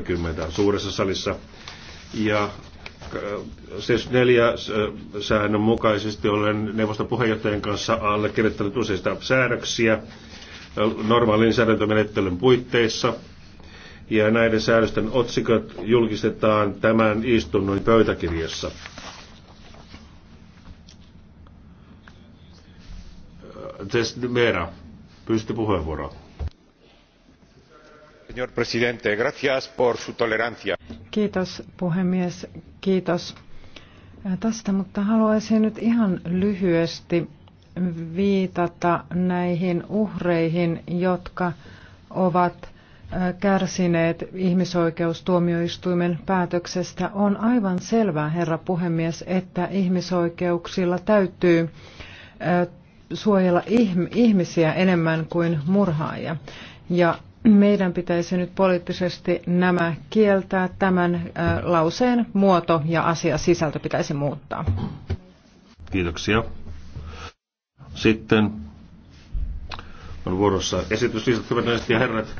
30 suuressa salissa. Ja äh, siis 4 äh, säännön mukaisesti olen neuvoston puheenjohtajan kanssa allekirjoittanut useista säädöksiä äh, normaalin lainsäädäntömenettelyn puitteissa. Ja näiden säädösten otsikot julkistetaan tämän istunnon pöytäkirjassa. Test Vera, pysty puheenvuoroon. Señor presidente, gracias por su tolerancia. Kiitos puhemies, kiitos äh, tästä, mutta haluaisin nyt ihan lyhyesti viitata näihin uhreihin, jotka ovat äh, kärsineet ihmisoikeustuomioistuimen päätöksestä. On aivan selvää, herra puhemies, että ihmisoikeuksilla täytyy äh, suojella ihmisiä enemmän kuin murhaajia. Ja meidän pitäisi nyt poliittisesti nämä kieltää. Tämän lauseen muoto ja asia sisältö pitäisi muuttaa. Kiitoksia. Sitten on vuorossa esitys, ja herrat.